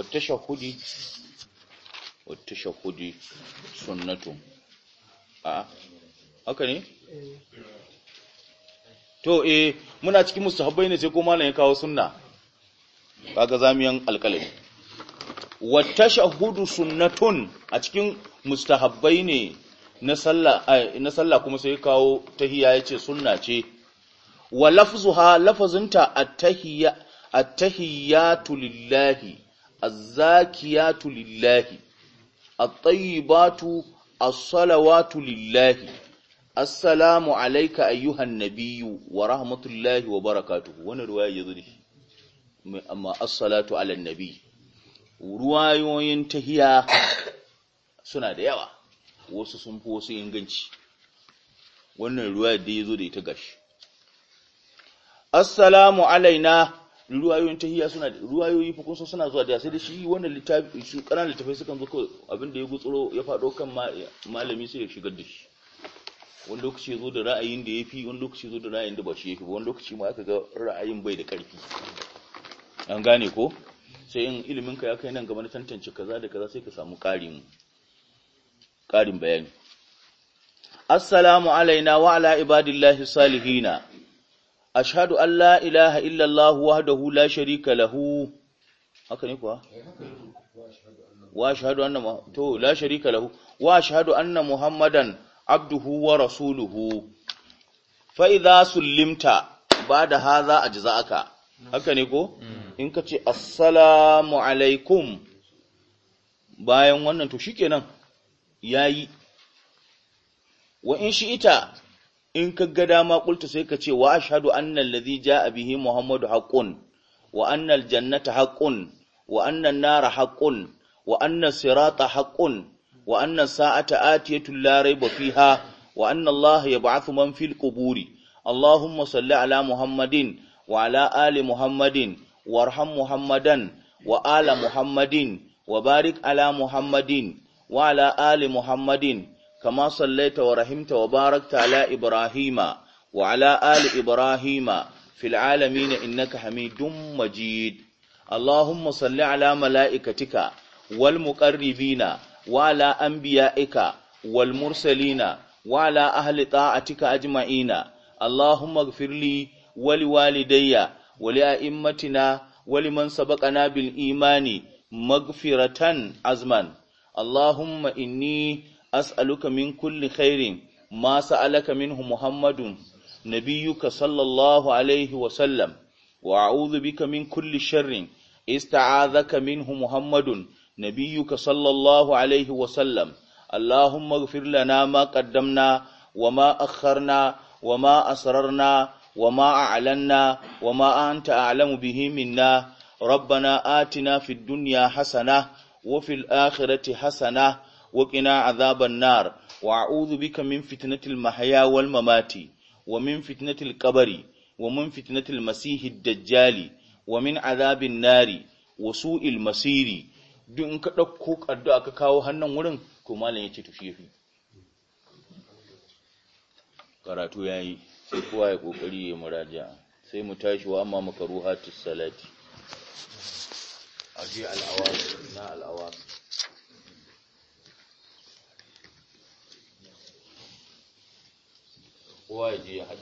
والتشهد والتشهد سنة آه haka ne to eh muna cikin mustahabbai ne sai ko malam ya kawo sunna kaga zamiyan alƙalami wa tashahhudu sunnatun a cikin mustahabbai ne na sallah eh, na sallah kuma sai kawo tahiyya yace sunna ce wa lafzuha lafazinta at-tahiyya at-tahiyyatu lillahi azzakiyatu lillahi at-tayyibatu as-salawatu lillahi assalamu alayka ayyuhan nabiyyu wa rahmatullahi wa barakatuhu wannan ruwaya yazo da shi amma as-salatu ala nabi ruwayoyin tahiya suna da yawa wasu sun fi wasu inganci wannan ruwa da yazo da ita gashi assalamu alaina ruwayoyin tahiya suna ruwayoyi fa kun suna zuwa da sai da shi wannan littafi su ƙananan littafai sukan zo abinda abin da ya gutsuro ya faɗo kan malami sai ya shigar da shi wani lokaci zo da ra'ayin da ya fi wani lokaci zo da ra'ayin da ba shi ya fi wani lokaci ma aka ga ra'ayin bai da ƙarfi an gane ko sai in ilimin ka ya kai nan gaba na tantance kaza da kaza sai ka samu ƙarin ƙarin bayani assalamu alaina wa ala ibadillahi salihina ashhadu an la ilaha illallah wahdahu la sharika lahu haka ne kuwa wa ashhadu anna to la sharika lahu wa ashhadu anna muhammadan abduhu wa rasuluhu su limta. fa idza sullimta a hadha ajza'aka haka ne ko in ka ce assalamu alaikum bayan wannan to shi Ya yi. wa in shi ita in ka ga dama kulta sai ka ce wa ashhadu anna allazi jaa bihi muhammadu haqqun wa anna aljannata haqqun wa anna an-nara haqqun wa anna sirata haqqun wa anna sa'ata atiyatu la rayba fiha wa anna allaha yab'athu man fil quburi allahumma salli ala muhammadin wa ala ali muhammadin warham muhammadan wa ala muhammadin wa barik ala muhammadin wa ala ali muhammadin كما صليت ورحمت وباركت على إبراهيم وعلى آل إبراهيم في العالمين إنك حميد مجيد اللهم صل على ملائكتك والمقربين وعلى أنبيائك والمرسلين وعلى أهل طاعتك أجمعين اللهم اغفر لي ولوالدي ولأئمتنا ولمن سبقنا بالإيمان مغفرة عزما اللهم إني as'aluka min kulli khairin ma sa'alaka minhu muhammadun nabiyyuka sallallahu alaihi wa sallam wa a'udhu bika min kulli sharrin ista'adhaka minhu muhammadun nabiyyuka sallallahu alaihi wa sallam اللهم wa ma ما wa ma أخرنا wa ma وما أعلنا وما أنت أعلم به منا ربنا آتنا في الدنيا حسنة وفي الآخرة حسنة وقنا عذاب النار وأعوذ بك من فتنة المحيا والممات ومن فتنة القبر ومن فتنة المسيح الدجال ومن عذاب النار وسوء المصير duk in ka ɗauko addu'a ka kawo hannun wurin to malam ya ce to shi karatu ya yi sai kowa ya ƙoƙari ya muraja sai mu tashi wa amma 国外的还。